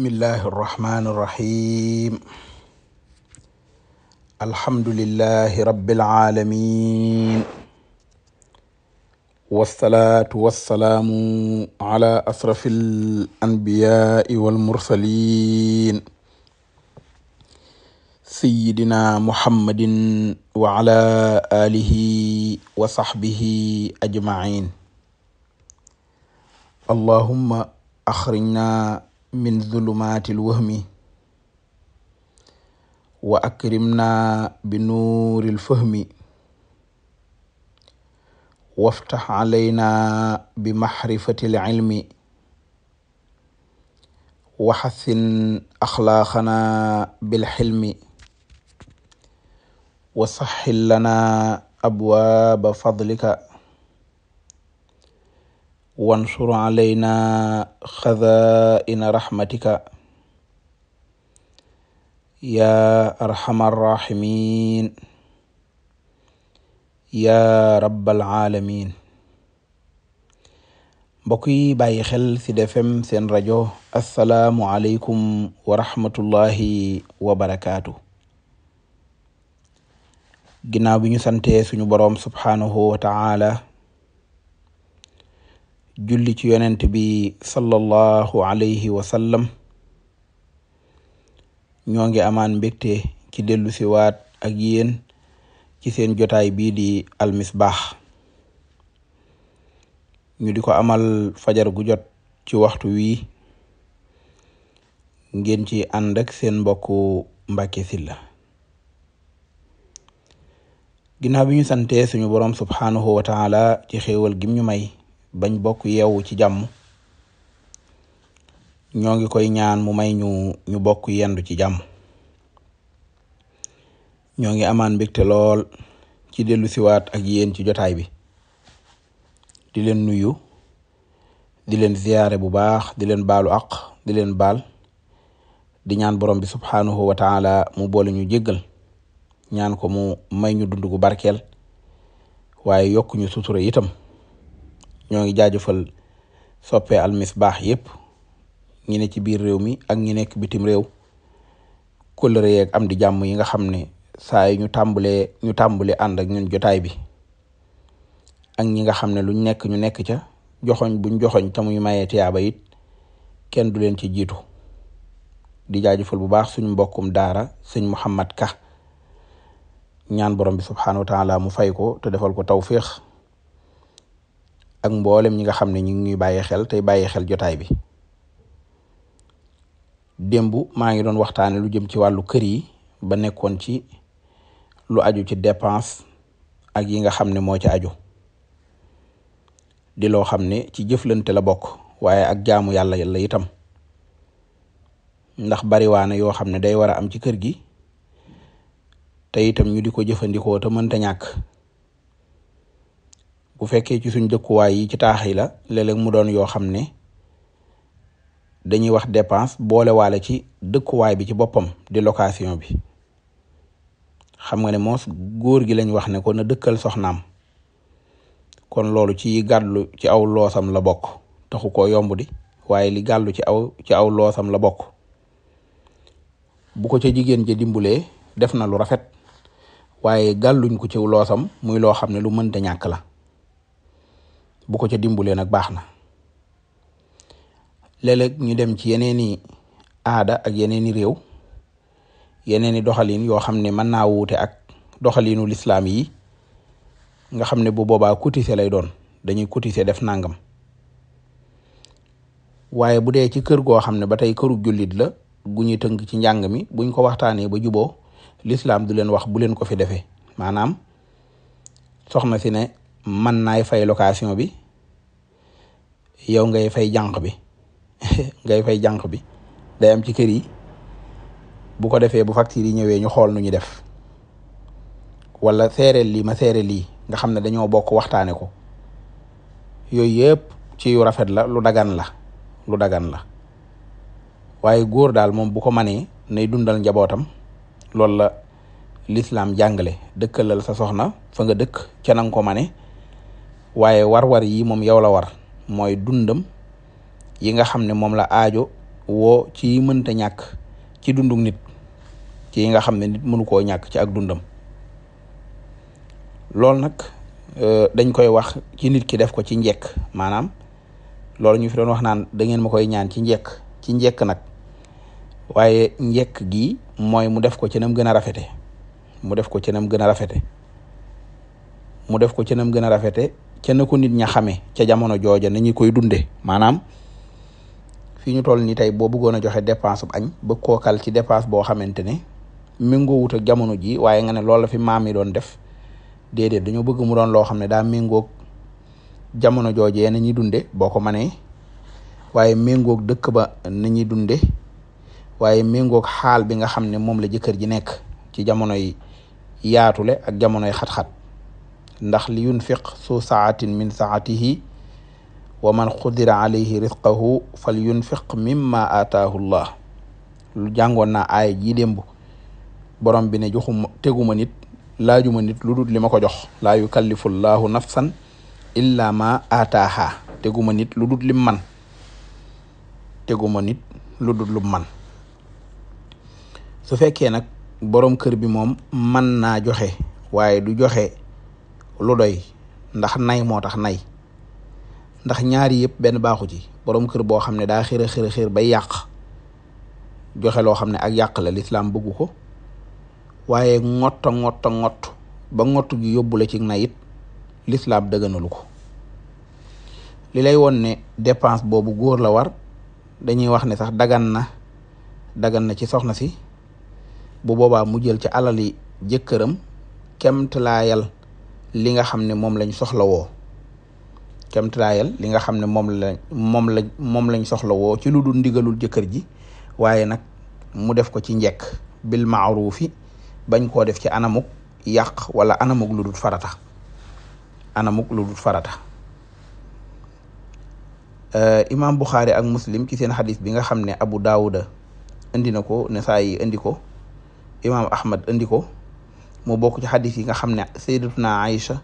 bismillahi irrahmani irrahim alhamdulilahi rabiilalamin walsalaatu walsalaamu ala asrafi alanbiyaai walmursalin sayidina muhammadin wa ala alihi wa saxbihi ajmain allahumma axrijna min zulumaati lwahmi wa akrimna bi nuuril fahmi waftax calayna bi maxrifatil cilmi waxasin axlaaqana bilxilmi wa lana abwaaba fadlika wansur alayna xazaa'ina raxmatika yaa arxamar raximin yaa rabbal aalamiin mbokk yi bàyyi xel ci Sud FM seen rajo assalaamu aleykum wa rahmatullahi wa barakaatu bi ñu santee suñu boroom subhaanahu wa julli ci yonent bi sallallahu alayhi wa sallam ñoo ngi amaan mbégte ci dellu si waat ak yéen ci seen jotaay bii di almisbaax ñu di ko amal fajar gu jot ci waxtu wi ngeen ci ànd seen mbokku Mbàkke Sylla ginnaaw bi ñu santee suñu borom subhaanahu wa ci xéewal gim may bañ bokk yeewu ci jàmm ñoo ngi koy ñaan mu may ñu ñu bokk yendu ci jàmm ñoo ngi amaan mbégte lool ci dellu siwaat ak yéen ci jotaay bi di leen nuyu di leen ziyaare bu baax di leen baalu aq di leen baal di ñaan borom bi subhaanahu wa mu boole ñu jéggal ñaan ko mu may ñu dund gu barkeel waaye yokk ñu sutura itam ñoo ngi jaajëfal soppe almisbaax yépp ñi ne ci biir réew mi ak ñi nekk bitim réew kóllëre yeeg am di jàmm yi nga xam ne saa yi ñu tàmbalee ñu tàmbale ànd ak ñun jotaay bi ak ñi nga xam ne luñ nekk ñu nekk ca joxoñ buñ joxoñ tamuy mayee tiyaaba it kenn du leen ci jiitu di jaajëfal bu baax suñu mbokkum daara sëñ Muhammad Ka ñaan borom bi subhanahu wa taala mu fay ko te defal ko tawfiix ak mboolem ñi nga xam ne ñu ngi ñuy bàyyi xel tey bàyyi xel jotaay bi démb maa ngi doon waxtaane lu jëm ci wàllu kër yi ba nekkoon ci lu aju ci dépense ak yi nga xam ne moo ci aju di loo xam ne ci jëflante la bokk waaye ak jaamu yàlla yàlla itam ndax bariwaana yoo xam ne day war a am ci kër gi te itam ñu di ko jëfandikoo te mënta ñàkk bu fekkee ci suñ dëkkuwaay yi ci taax yi la léeg mu doon yoo xam ne dañuy wax dépense boolewaale ci dëkkuwaay bi ci boppam di location bi xam nga ne moos góor gi lañ wax ne ko na dëkkal soxnaam kon loolu ci gàllu ci aw loosam la bokk taxu ko yomb di waaye li gàllu ci aw ci aw loosam la bokk bu ko ca jigéen ja dimbulee def na lu rafet waaye gàlluñ ko ci loosam muy loo xam ne lu mënta ñàkk la bu ko ca dimbulee nag baax na léeg ñu dem ci yeneeni aada ak yeneeni réew yeneeni doxalin yoo xam ne mën naa wuute ak doxalinu lislaam yi nga xam ne bu boobaa cotiser lay doon dañuy cotiser def nangam waaye bu dee ci kër goo xam ne ba tey këru jullit la gu ñuy tënk ci njàng mi buñ ko waxtaanee ba juboo lislaam du leen wax bu leen ko fi defee maanaam soxna si ne man naay fay location bi yow ngay fay jànq bi ngay fay jànq bi day am ci kër yi bu ko defee bu facture yi ñëwee ñu xool nu ñu def wala seereel lii ma seereel lii nga xam ne dañoo bokk waxtaane ko yooyu yëpp ci yu rafet la lu dagan la lu dagan la waaye góor daal moom bu ko manee nay dundal njabootam loolu la lislaam jàngale dëkkalal sa soxna fa nga dëkk ca nanga ko mane waaye war-war yi moom yow la war mooy dundam yi nga xam ne moom la aajo woo ci mënta ñàkk ci dundum nit ci yi nga xam ne nit mënu koo ñàkk ci ak dundam loolu nag euh, dañ koy wax ci nit ki def ko ci njekk maanaam loolu ñu fi doon wax naan da ngeen ma koy ñaan ci njekk ci njekk nag waaye njekk gi mooy mu def ko ci nam gën a rafete mu def ko ci nam gën a rafete mu def ko ci nam gën a rafete ca na ko nit ña xamee ca jamono jooja nañu koy dunde maanaam fii ñu toll nii tey boo bëggoon a joxe dépense bu añ ba kookal ci dépense boo xamante ne méngoo wuta ak jamono ji waaye nga ne loolu la fi maam yi doon def déedéet dañoo bëgg mu doon loo xam ne daa méngoog jamono joojee na ñuy dunde boo ko mënee waaye méngoog dëkk ba na ñuy dunde waaye méngoog xaal bi nga xam ne moom la jëkkër ji nekk ci jamonoy yaatule ak jamonoy xat-xat ndax li yunfiq su saatin min saatihi wa man qudira alayhi risqahu fal yunfiq mimma ataahu llah lu jàngoon naa aay jii démb borom bi ne joxuma teguma nit laajuma nit lu dul li ma ko jox laa yukallifu llahu nafsan illa ma ataaha teguma nit lu dul lim man teguma nit su fekkee nag borom kër bi moom man naa joxe waaye du joxe lu doy ndax nay moo tax nay ndax ñaari yëpp benn baaxu ci boroom kër boo xam ne daa xër a xër a xër bay yàq joxe loo xam ne ak yàq la lislaam bëggu ko waaye ngott a ngott ba ngott gi yóbbu la ci nay it lislaam dëgganalu ko li lay woon ne dépense boobu góor la war dañuy wax ne sax dagan na dagan na ci soxna si bu boobaa mu jël ci alali jëkkëram kemtalaayal li nga xam ne moom lañ soxlawoo kemtalaayal li nga xam ne moom la moom la moom lañ soxlawoo ci lu dul ndigalul jëkkër ji waaye nag mu def ko ci njekk bil maaruufi bañ koo def ci anamuk yàq wala anamuk lu dul farata anamuk lu dul farata uh, imaam Buxaari ak muslim ci seen xadis bi nga xam ne Abu Daawuda indi na ko Nasaayi indi ko imaam Ahmad indi ko mu bokk ci xadis yi nga xam ne sayyidatuna Aïcha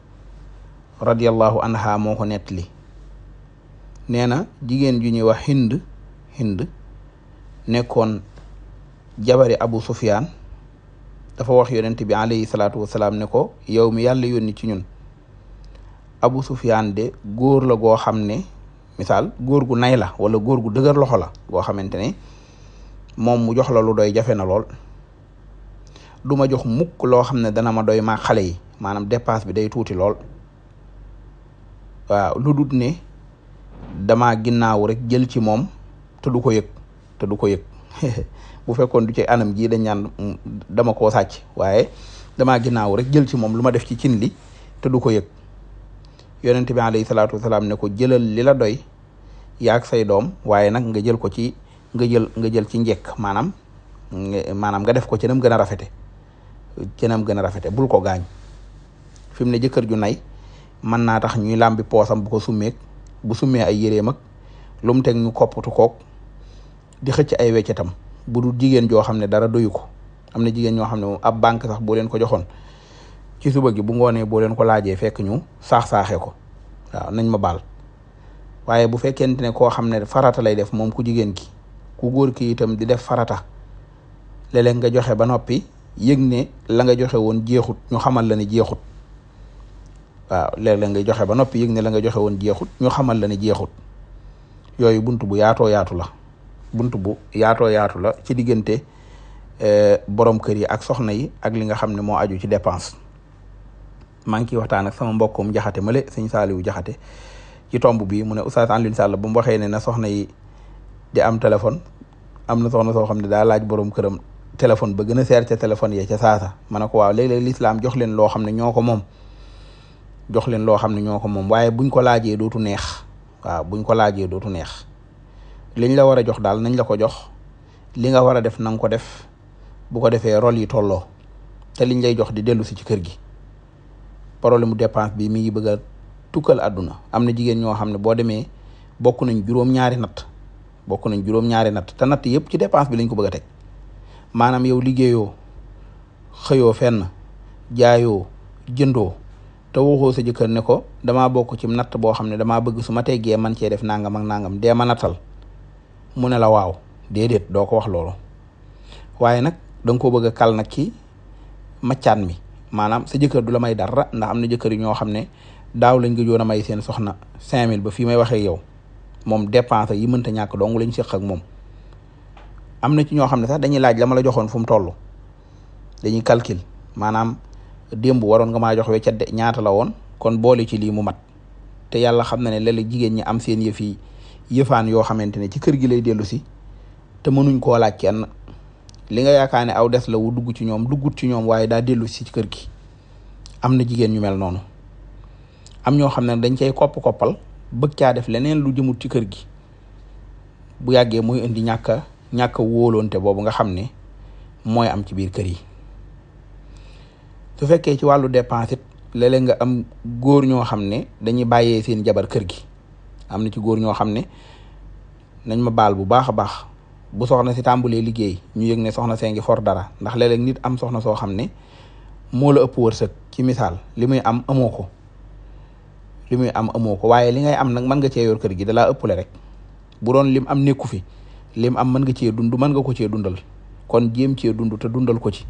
radiyallahu anha moo ko nettali nee na jigéen ju ñuy wax hind hind nekkoon jabari Abu Sufyaan dafa wax yonent bi alayhi salaatu wasalaam ne ko yow mi yàlla yónni ci ñun Abu Sufyaan de góor la goo xam ne misaal góor gu nay la wala góor gu dëgër loxo la goo xamante ne moom mu jox la lu doy jafe na lool du ma jox mukk loo xam ne dana ma doy maa xale yi maanaam dépense bi day tuuti lool waaw lu dut ne dama ginnaaw rek jël ci moom te du ko yëg te du ko yëg bu fekkoon du ci anam jii dañ ñaan mm, dama ko sàcc waaye damaa ginnaaw rek jël ci moom lu ma def ci cin li te du ko yëg yonent bi alayhi salaatu wasalaam ne ko jëlal li la doy yaag say doom waaye nag nga jël ko ci nga jël nga jël ci njekk maanaam maanaam nga def ko ci nam gën a rafete cënam gën a rafete bul ko gaañ fi mu ne jëkkër ju nay mën naa tax ñuy làmbi poosam bu ko summeeg bu summee ay yéreem ak lu teg ñu koppatu kook di xëcc ay weccetam bu dul jigéen joo xam ne dara doyu ko am na jigéen ñoo xam ne moom ab banque sax boo leen ko joxoon ci suba gi bu ngoonee boo leen ko laajee fekk ñu saax-saaxee ko waaw nañ ma baal waaye bu fekkente ne koo xam ne farata lay def moom ku jigéen ki ku góor ki itam di def farata léeg-léeg nga joxe ba noppi yëg ne la nga joxe woon jeexut ñu xamal la ne jeexut waaw léeg nga joxe ba noppi yëg ne la nga joxe woon jeexut ñu xamal la ne jeexut yooyu bunt bu yaatoo yaatu la bunt bu yaatoo yaatu la ci diggante eh, borom kër yi ak soxna yi ak li nga xam ne moo aju ci dépense maa ngi ciy waxtaan ak sama mbokkum jaxate male sëñ Saaliwu jaxate ci tomb bi mu ne Oustaz Alioune Sall bu mu waxee ne na soxna yi di am téléphone am na soxna soo xam ne daal laaj borom këram téléphone ba na a seer ca téléphone ya ca saasa ma ne ko waaw léeg lislaam jox leen loo xam ne ñoo ko moom jox leen loo xam ne ñoo ko moom waaye buñ ko laajee dootu neex waaw ko laajee dootu neex liñ la war a jox daal nañ la ko jox li nga war a def na nga ko def bu ko defee rôle yi tolloo te liñ lay jox di dellu si ci kër gi problème mu dépense bi mi ngi bëgg a tukkal àdduna am na jigéen ñoo xam ne boo demee bokk nañ juróom-ñaari natt bokk nañ juróom-ñaari nat te natt yëpp ci dépense bi lañ ko bëgg a teg maanaam yow liggéeyoo xëyoo fenn jaayoo jëndoo te waxoo sa jëkkër ne ko damaa bokk ci natt boo xam ne damaa bëgg su ma teggee man cee def nangam ak nangam dee ma nattal mu ne la waaw déedéet doo ko wax loolu waaye nag da nga koo bëgg a nag ci maccaan mi maanaam sa jëkkër du la may dara ndax am na jëkkër ñoo xam ne daaw lañ gëjoon a may seen soxna 5000 ba fii may waxee yow moom dépense yi mënta ñàkk dong lañ séq ak moom am na ci ñoo xam ne sax dañuy laaj la joxoon fu mu toll dañuy calcul maanaam démb waroon nga maa jox weccat de ñaata la woon kon boole ci lii mu mat te yàlla xam na ne léeg jigéen ñi am seen yëf yi yëfaan yoo xamante ne ci kër gi lay dellu si te mënuñ koo laaj kenn li nga yaakaar ne aw des la wu dugg ci ñoom duggut ci ñoom waaye daa dellu si ci kër gi am na jigéen ñu mel noonu am ñoo xam ne dañ cay kopp-koppal bëgg caa def leneen lu jëmut ci kër gi bu yàggee muy indi ñàkka ñàkk wóolonte boobu nga xam ne mooy am ci biir kër yi su fekkee ci wàllu dépense it nga am góor ñoo xam ne dañuy bàyyee seen jabar kër gi am na ci góor ñoo xam ne nañ ma baal bu baax a baax bu soxna si tàmbalee liggéey ñu yëg ne soxna see ngi for dara ndax léeg nit am soxna soo xam ne moo la ëpp wërsëg ci misaal li muy am amoo ko muy am amoo ko waaye li ngay am nag mën nga cee yor kër gi dalaa ëppale rek bu doon lim am nekku fi lim am mën nga cee dund mën nga ko cee dundal kon jéem cee dund te dundal ko ci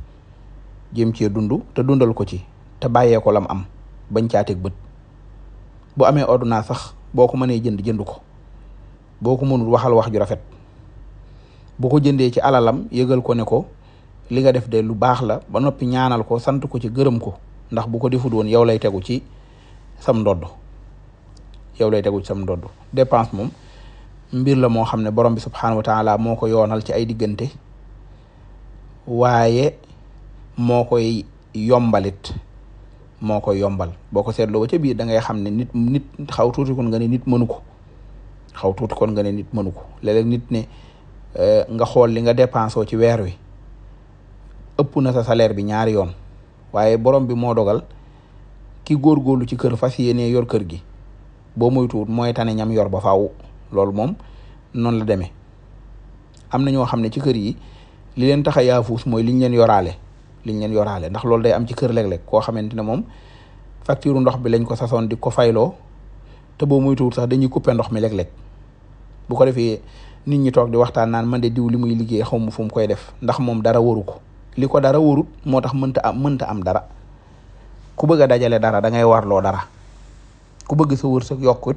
jéem cee dund te dundal ko ci te bàyyee ko lam am bañ caateeg bët boo amee orduna sax boo ko mënee jënd jënd ko boo ko mënul waxal wax ju rafet bu ko jëndee ci alalam yëgal ko ne ko li nga def de lu baax la ba noppi ñaanal ko sant ko ci gërëm ko ndax bu ko defut woon yow lay tegu ci sam ndodd yow lay tegu ci sam ndodd dépense moom mbir la moo xam ne borom bi subxanahu wa taala moo ko yoonal ci ay diggante waaye moo koy yombalit moo koy yombal boo ko seetloo ci ca biir da ngay xam ne nit nit xaw tuuti kon nga ne nit mënu ko xaw tuuti kon nga ne nit mënu ko léeg-léeg nit ne euh, nga xool li nga dépensé ci weer wi ëpp na sa salaire bi ñaari yoon waaye borom bi moo dogal ki góorgóorlu ci kër fas yéenee yor kër gi bo moytuwut mooy ñam yor ba faaw. loolu moom noonu la demee am na ñoo xam ne ci kër yi li leen tax a yaafuus mooy liñ leen yoraale liñ leen yoraale ndax loolu day am ci kër léeg-léeg koo xamante ne moom facture ndox bi lañ ko sasoon di ko fayloo te boo muy tuur sax dañuy couper ndox mi léeg lekk bu ko defee nit ñi toog di waxtaan naan man de diw li muy liggéey xaw ma fu mu koy def ndax moom dara waru ko li ko dara warut moo tax mënta am mënta am dara ku bëgg a dajale dara dangay ngay warloo dara ku bëgg sa wërsëg yokkut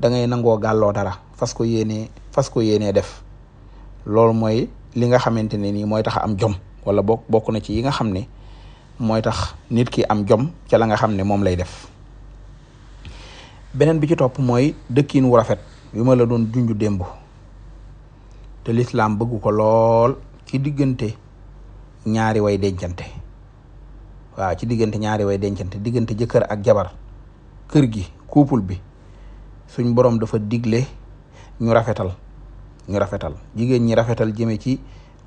da ngay nangoo gàlloo dara fas ko yéenee fas ko yéenee def loolu mooy li nga xamante ne nii mooy tax am jom wala bokk bokk na ci yi nga xam ne mooy tax nit ki am jom ca la nga xam ne moom lay def beneen bi ci topp mooy dëkkiin wu rafet yu ma la doon junju démb te lislam bëggu ko lool ci diggante ñaari way dencante waaw ci diggante ñaari way dencante diggante jëkkër ak jabar kër gi couple bi suñ borom dafa digle ñu rafetal ñu rafetal jigéen ñi rafetal jëme ci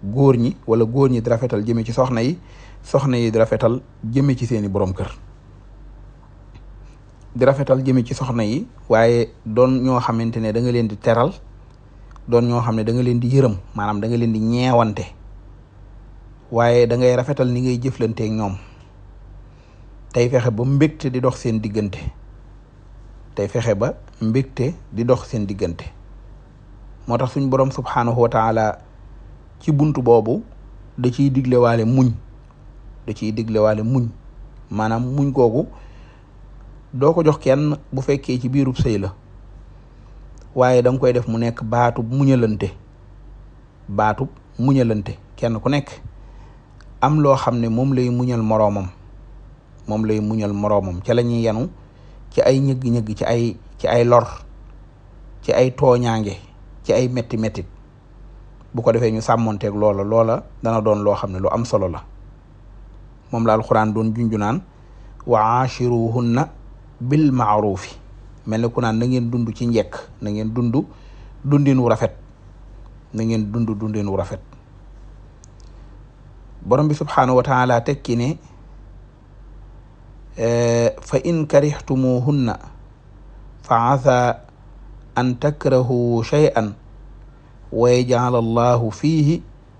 góor ñi wala góor ñi rafetal jëme ci soxna yi soxna yi di rafetal jëme ci seeni borom kër di rafetal jëme ci soxna yi waaye doon ñoo xamante ne danga leen di teral doon ñoo xam ne da leen di yërëm maanaam danga leen di ñeewante waaye dangay rafetal ni ngay jëflanteeg ñoom tey fexe ba mbégte di dox seen diggante tey fexe ba mbégte di dox seen diggante moo tax suñ borom subhaanahu wa taala ci bunt boobu da ciy diglewaale muñ da ciy diglewaale muñ maanaam muñ googu doo ko jox kenn bu fekkee ci biirub sëy la waaye da koy def mu nekk baatub muñalante baatub muñalante kenn ku nekk am loo xam ne moom lay muñal moroomam moom lay muñal moroomam ca la yenu ci ay ñëgg-ñëgg ci ay ci ay lor ci ay tooñaange ci ay métti méttit bu ko defee ñu sàmmonteeg loola loola dana doon loo xam ne lu am solo la moom la alxuraan doon junjunaan wa aashiruhunna bil maaruufi mel ni ku naan na ngeen dund ci njekk nangeen dundu dund dundin wu rafet na ngeen dund dundin wu rafet borom bi subhaanahu wa taala tekki ne eh, fa in karihtumuhunna fa asa an takrahu shay'an wa yaj'al allahu fiihi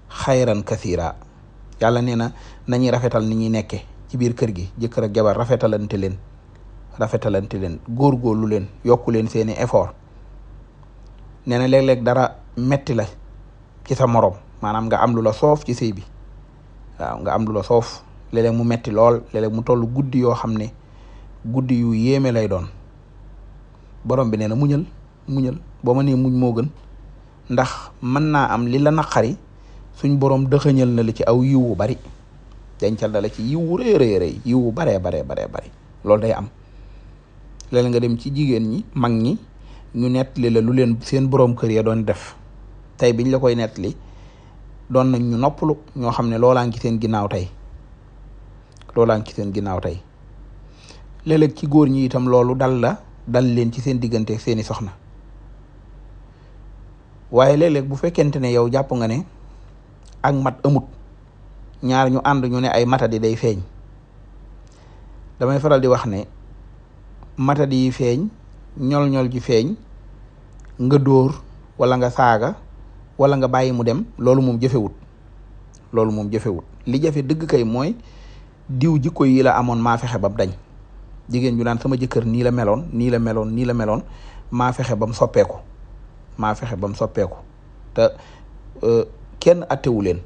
kasira kathira yàlla nee na nañuy rafetal ni ñuy nekke ci biir kër gi jëkkër jabar rafetalante leen rafetalante leen góorgóorlu leen yokku leen seeni effort nee na léeg dara metti la ci sa morom maanaam nga am lu la soof ci sëy bi waaw nga am lu soof léeg-léeg mu metti lool léeg mu toll guddi yoo xam ne guddi yu yéeme lay doon borom bi nee na muñal muñal boo ma nee muñ moo gën ndax mën naa am li la naqari suñ borom dëxëñal na la ci aw yiwu bari dencal na la ci yiwu rëy rëy rëy yiwu baree baree baree bari loolu day am léeg nga dem ci jigéen ñi mag ñi ñu nettali la lu leen seen borom kër ya doon def tey biñ la koy nettali doon nañ ñu noppalu ñoo xam ne loolaa ngi seen ginnaaw tey loolaa ngi ci seen ginnaaw tey ci góor ñi itam loolu dal la dal leen ci seen diggante seeni soxna waaye léeg-léeg bu fekkente ne yow jàpp nga ne ak mat amut ñaar ñu ànd ñu ne ay matadi day feeñ damay faral di wax ne matadi yi feeñ ñol-ñol ji feeñ nga dóor wala nga saaga wala nga bàyyi mu dem loolu moom jëfewut loolu moom jëfewut li jafe dëgg kay mooy diw jikko yi la amoon maa fexe bam dañ jigéen ju naan sama jëkkër nii la meloon nii la meloon nii la meloon maa fexe ba mu soppeeku maa fexe ba mu soppeeku te euh, kenn attewu leen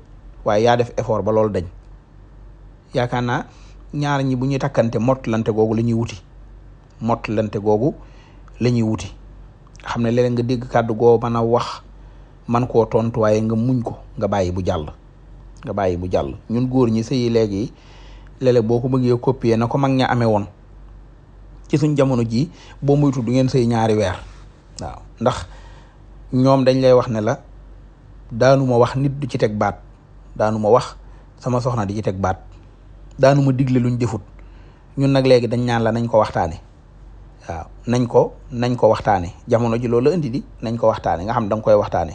waaye yaa def effort ba loolu dañ yaakaar naa ñaar ñi bu ñuy takkante mott lante googu la ñuy wuti mott lante googu la wuti xam ne leneen nga dégg kàddu goo mën a wax man koo tontu waaye nga muñ ko nga bàyyi bu jàll nga bàyyi bu jàll ñun góor ñi sëyi léegi léeg boo ko bëggee copier na ko mag ña amee woon ci suñ jamono jii boo moytu du ngeen sëy ñaari weer waaw ndax ñoom dañ lay wax ne la daanu ma wax nit du ci teg baat daanu ma wax sama soxna di ci teg baat daanu ma digle luñ jëfut ñun nag léegi dañ ñaan la nañ ko waxtaane waaw nañ ko nañ ko waxtaane jamono ji loolu la indi di nañ ko waxtaane nga xam da nga koy waxtaane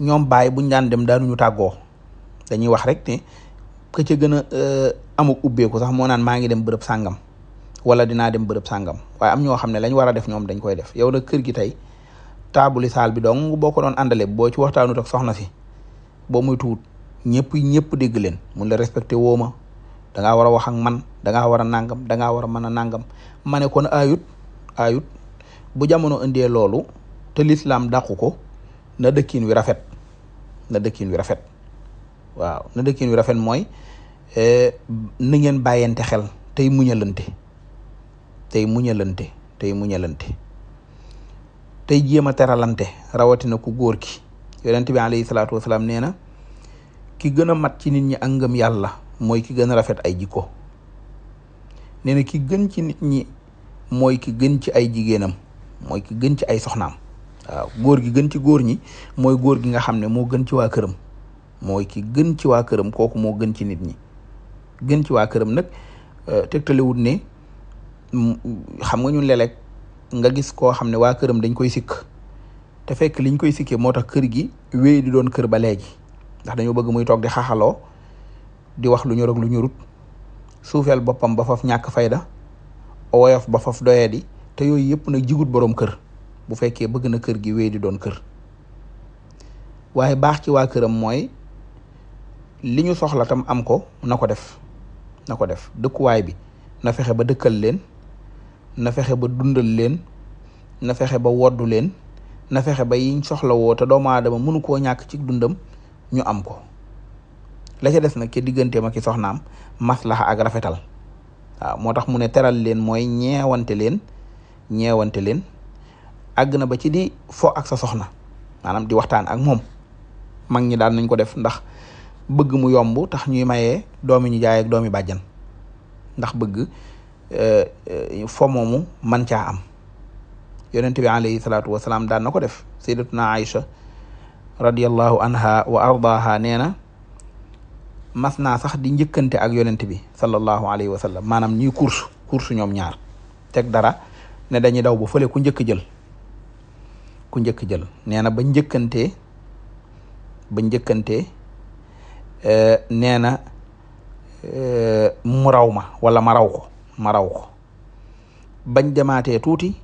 ñoom bàyyi buñ daan dem daanuñu tàggoo dañuy wax rek ne ka ca gën a euh, amuk ubbeeku sax moo naan maa ngi dem bërëb sàngam wala dinaa dem bërëb sàngam waaye am ñoo xam ne lañ war a def ñoom dañ koy def yow nag kër gi tey taabuli saal bi dong boo ko doon àndale boo ci waxtaanut ak soxna si boo muy tuut ñëpp ñëpp dégg leen mun la respecté woo ma da ngaa war a wax ak man da ngaa war a nangam danga ngaa war a mën a nangam ma ne kon ayut ayut bu jamono indee loolu te lislaam dàqu ko na dëkkin wi rafet na dëkkin wi rafet waaw na dëkkin wi rafet mooy eh, na ngeen bàyyante xel tey muñalante tey muñalante tey muñalante tey jéem a teralante rawatina ku góor ki yonent bi alayhi salaatu wasalaam nee na ki gën a mat ci nit ñi ak yàlla mooy ki gën a rafet ay jikko nee ki gën ci nit ñi mooy ki gën ci ay jigéenam mooy ki gën ci ay soxnaam waaw góor gi gën ci góor ñi mooy góor gi nga xam ne moo gën ci waa këram mooy ki gën ci waa këram kooku moo gën ci nit ñi gën ci waa këram nag euh, tegtalewut ne xam nga ñun lelek nga gis koo xam ne waa këram dañ koy sikk te fekk liñ koy sikkee moo tax kër gi wéy di doon kër ba léegi ndax dañoo bëgg muy toog di xaxaloo di wax lu ñu lu ñu rut suufeel boppam ba faf ñàkk fayda woyof ba faf doyee di te yooyu yëpp nag jigut boroom kër bu fekkee bëgg na kër gi wéy di doon kër waaye baax ci waa këram mooy li ñu soxla tam am ko na ko def na ko def dëkkuwaay bi na fexe ba dëkkal leen na fexe ba dundal leen na fexe ba woddu leen na fexe ba yiñ soxla te doomu aadama mënu koo ñàkk ci dundam ñu am ko la ca des na ca digganteem ak i soxnaam maslaxa ak rafetal waaw moo tax mu ne teral leen mooy ñeewante leen ñeewante leen àgg na ba ci di fo ak sa soxna maanaam di waxtaan ak moom mag ñi daal nañ ko def ndax bëgg mu yomb tax ñuy mayee doomi ñu jaay doomi bàjjan ndax bëgg fo moomu man am yonent bi alayhi salaatu wasalaam daan na ko def sayyidatuna Aïcha radiyallahu anha wa ardaha nee na mas naa sax di njëkkante ak yonent bi sallallahu alayhi wa sallam maanaam ñuy course course ñoom ñaar teg dara ne dañuy daw bu fële ku njëkk jël ku njëkk jël nee na ba njëkkante ba njëkkante eh, nee na eh, mu ma wala ma ma raw bañ demaatee tuuti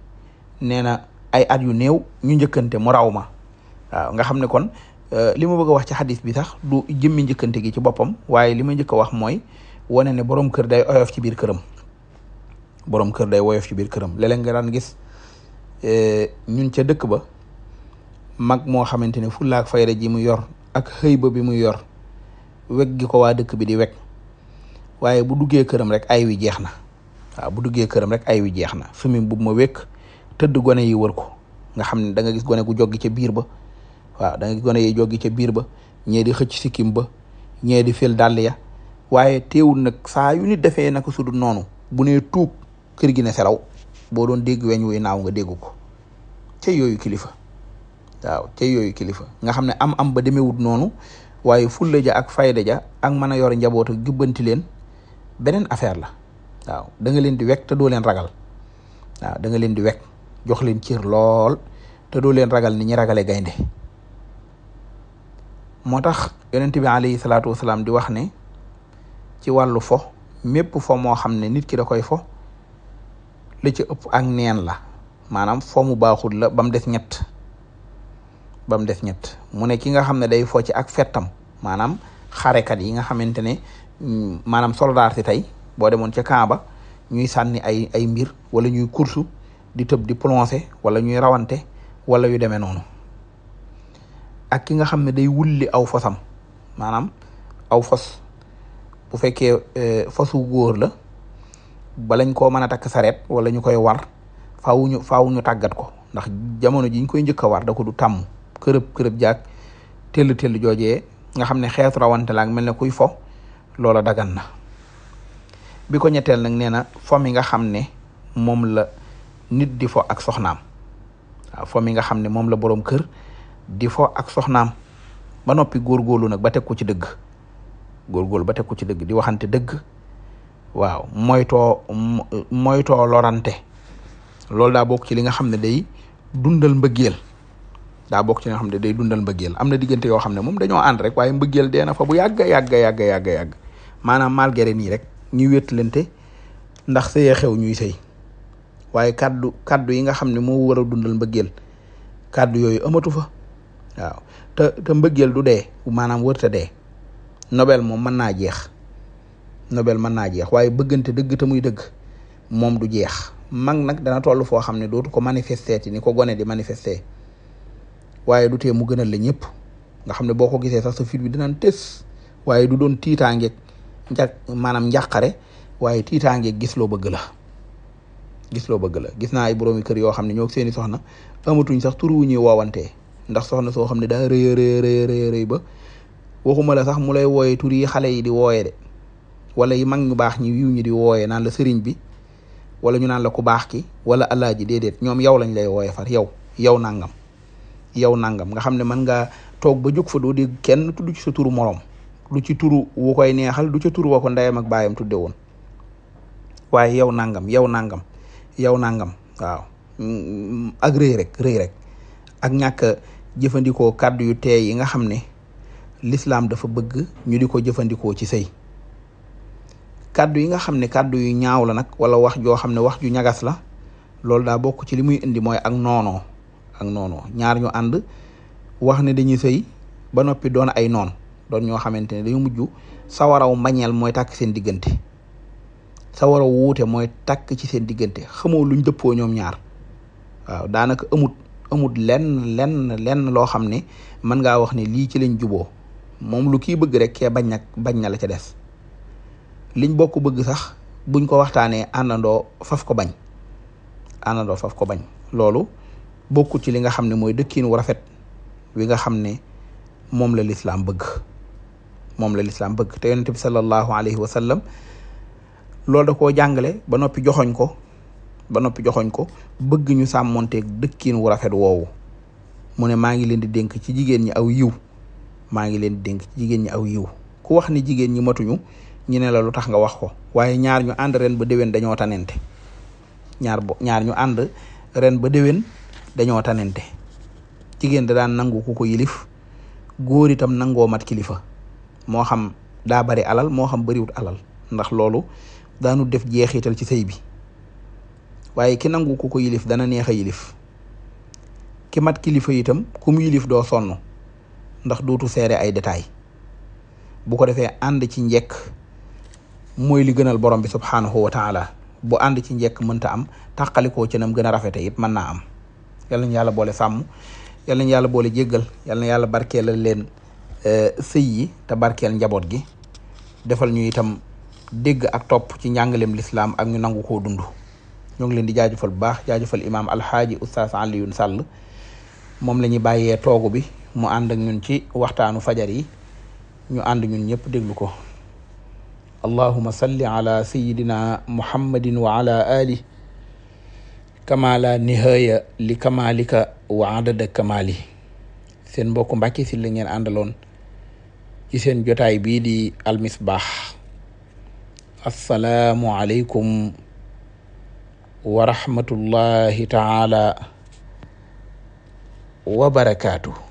nee na ay at yu néew ñu njëkkante mo raw ma nga xam ne kon euh, li ma bëgg a wax ca xadis bi sax du jëmmi njëkkante gi ci boppam waaye li ma njëkk a wax mooy wane ne borom kër day oyof ci biir këram borom kër day woyof ci biir këram léeg nga daan gis euh, ñun ca dëkk ba mag moo xamante ne fullaak fayda ji mu yor ak xëy bi mu yor weg gi ko waa dëkk bi di weg waaye bu duggee këram rek ay wi jeex na waaw bu duggee këram rek ay wi jeex na sumi bu ma wékk tëdd gone yi wër ko nga xam ne danga gis gone gu joggi ca biir ba waaw da gone yi joggi ca biir ba ñeedi xëcc sikkim ba ñeedi di fel dàll ya waaye teewul nag saa nit defee naka su dul noonu bu nee tuub kër gi ne selaw boo doon dégg weñ wuy naaw nga dégg ko ca yooyu kilifa waaw yooyu kilifa nga xam ne am am ba demewut noonu waaye fulla ja ak fayda ja ak mën a yor njaboot ak jubbanti leen beneen affaire la waaw da nga leen di wek te doo leen ragal waaw da nga leen di wek jox leen cër lool te doo leen ragal ni ñi ragale gaynde moo tax yonent bi alayhi salaatu wasalaam di wax ne ci wàllu fo mépp fo moo xam ne nit ki da koy fo li ci ëpp ak neen la maanaam fo mu baaxul la ba mu des ñett ba mu des ñett mu ne ki nga xam ne day fo ci ak fettam maanaam xarekat yi nga xamante ne mm, maanaam soldaar si tey boo demoon ca Kaaba ñuy sànni ay ay mbir wala ñuy kursu di tëb di ploncer wala ñuy rawante wala yu demee noonu ak ki nga xam ne day wulli aw fosam maanaam aw fos bu fekkee euh, fosu góor la balañ koo mën a takk sareet wala ñu koy war faaw ñu ñu tàggat ko ndax jamono ji ñu koy njëkk a war da ko du tàmm kërëb kërëb jaag tëll tëll joojee nga xam ne xeetu rawante la mel ne kuy fo loola dagan na bi ko ñetteel nag nee na fo mi nga xam ne moom la nit di fo ak soxnaam waaw fo nga xam ne moom la boroom kër di fo ak soxnaam ba noppi góorgóorlu nag ba teg ko ci dëgg góorgóorlu ba teg ko ci dëgg di waxante dëgg waaw moytoo moytoo lorante loolu daa bokk ci li nga xam ne day dundal mbëggeel daa bokk ci li xam ne day dundal mbëggeel am na diggante yoo xam ne moom dañoo ànd rek waaye mbëggeel dee na fa bu yàgg yàgg yàgg yàgg yàgg maanaam malgré nii rek ñu wéttalante ndax sëyee xew ñuy say waaye kàddu kàddu yi nga xam ne moo war a dundal mbëggeel kàddu yooyu amatu fa waaw te te du dee maanaam wërta dee nobel moom mën naa jeex nobel mën naa jeex waaye bëggante dëgg te muy dëgg moom du jeex mag nag dana toll foo xam ne dootu ko manifester ti ni ko gone di manifester waaye du te mu gënal la ñëpp nga xam ne boo ko gisee sax sa fit bi dinaan tës waaye du doon tiitaangeeg nja maanaam njàqare waaye tiitaange gis loo bëgg la gis loo bëgg la gis naa ay boroomi kër yoo xam ne ñoo seeni soxna amatuñ sax tur wu ñuy woowantee ndax soxna soo xam ne daa rëy a rëy rëy ba waxuma la sax mu lay wooyee tur yi xale yi di wooyee de wala yi mag ñu baax ñi wiw ñi di wooyee naan la sëriñ bi wala ñu naan la ku baax ki wala alaaji déedéet ñoom yow lañ lay wooyee far yow yow nangam yow nangam nga xam ne mën ngaa toog ba jóg fa doo dégg kenn tudd ci sa turu moroom du ci turu wu koy neexal du ci turu wa ko ndeyam ak baayam tudde woon waaye yow nangam yow nangam yow nangam waaw mm, ak rëy rek rëy rek ak ñàkk jëfandikoo kàddu yu teey yi nga xam ne lislaam dafa bëgg ñu di ko jëfandikoo ci sëy kàddu yi nga xam ne kàddu yu ñaaw la nag wala wax joo xam ne wax ju ñagas la loolu daa bokk ci li muy indi mooy ak noonoo ak noono ñaar ñu ànd wax ne dañuy sëy ba noppi doon ay noon doon ñoo xamante ne dañu mujj sawaraw mbañeel mooy takk seen diggante sawaraw wuute mooy tàkk ci seen diggante xamoo luñ dëppoo ñoom ñaar waaw daanaka amut amut lenn lenn lenn loo xam ne mën ngaa wax ne lii ci lañ juboo moom lu kii bëgg rek kee bañ nag bañ na la ca des liñ bokk bëgg sax buñ ko waxtaanee àndandoo faf ko bañ àndandoo faf ko bañ loolu bokkut ci li nga xam ne mooy dëkkiin wu rafet wi nga xam ne moom la lislaam bëgg moom la lislaam bëgg te yonente bi sallallahu alayhi wa sallam loolu da koo jàngale ba noppi joxoñ ko ba noppi joxoñ ko bëgg ñu sàmmonteeg dëkkiin wu rafet woowu mu ne maa ngi leen di dénk ci jigéen ñi aw yiw maa ngi leen di dénk jigéen ñi aw yiw ku wax ni jigéen ñi matuñu ñu ne la lu tax nga wax ko waaye ñaar ñu ànd ren ba déwén dañoo tanente ñaar bo ànd ren ba déwén dañoo tanente jigéen da daan nangu ku ko yilif góor itam nangoo mat kilifa moo xam daa bari alal moo xam bariwut alal ndax loolu daanu def jeexital ci sëy bi waaye ki nangu ku ko yilif dana neex a yilif ki mat kilifa yitam ku yilif doo sonn ndax dootu seere ay détails bu ko defee ànd ci njekk mooy li gënal borom bi subhaanahu wa taala bu ànd ci njekk mënta am tàqalikoo ci nam gën a rafete yit mën naa am yal nañu yàlla boole sàmm yal nañu yàlla boole jéggal yal na yàlla barkeelal leen Euh, sëy yi te barkeel njaboot gi defal ñu itam dégg ak topp ci njàngaleem lislaam ak ñu nangu ko dund ñoo ngi leen di jaajëfal bu baax jaajëfal imaam alxaaji oustaz Alioune Sall moom la ñuy bàyyee toogu bi mu ànd ak ñun ci waxtaanu fajar yi ñu ànd ñun ñëpp déglu ko allahuma salli ala sayidina muhammadin wa ali kama la nihaya li kamalika wa adada kamali seen mbokku Mbàkke si la ngeen àndaloon ci seen jotaay bii di almisbaax assalaamu aleykum wa rahmatullahi taala wa barakaatu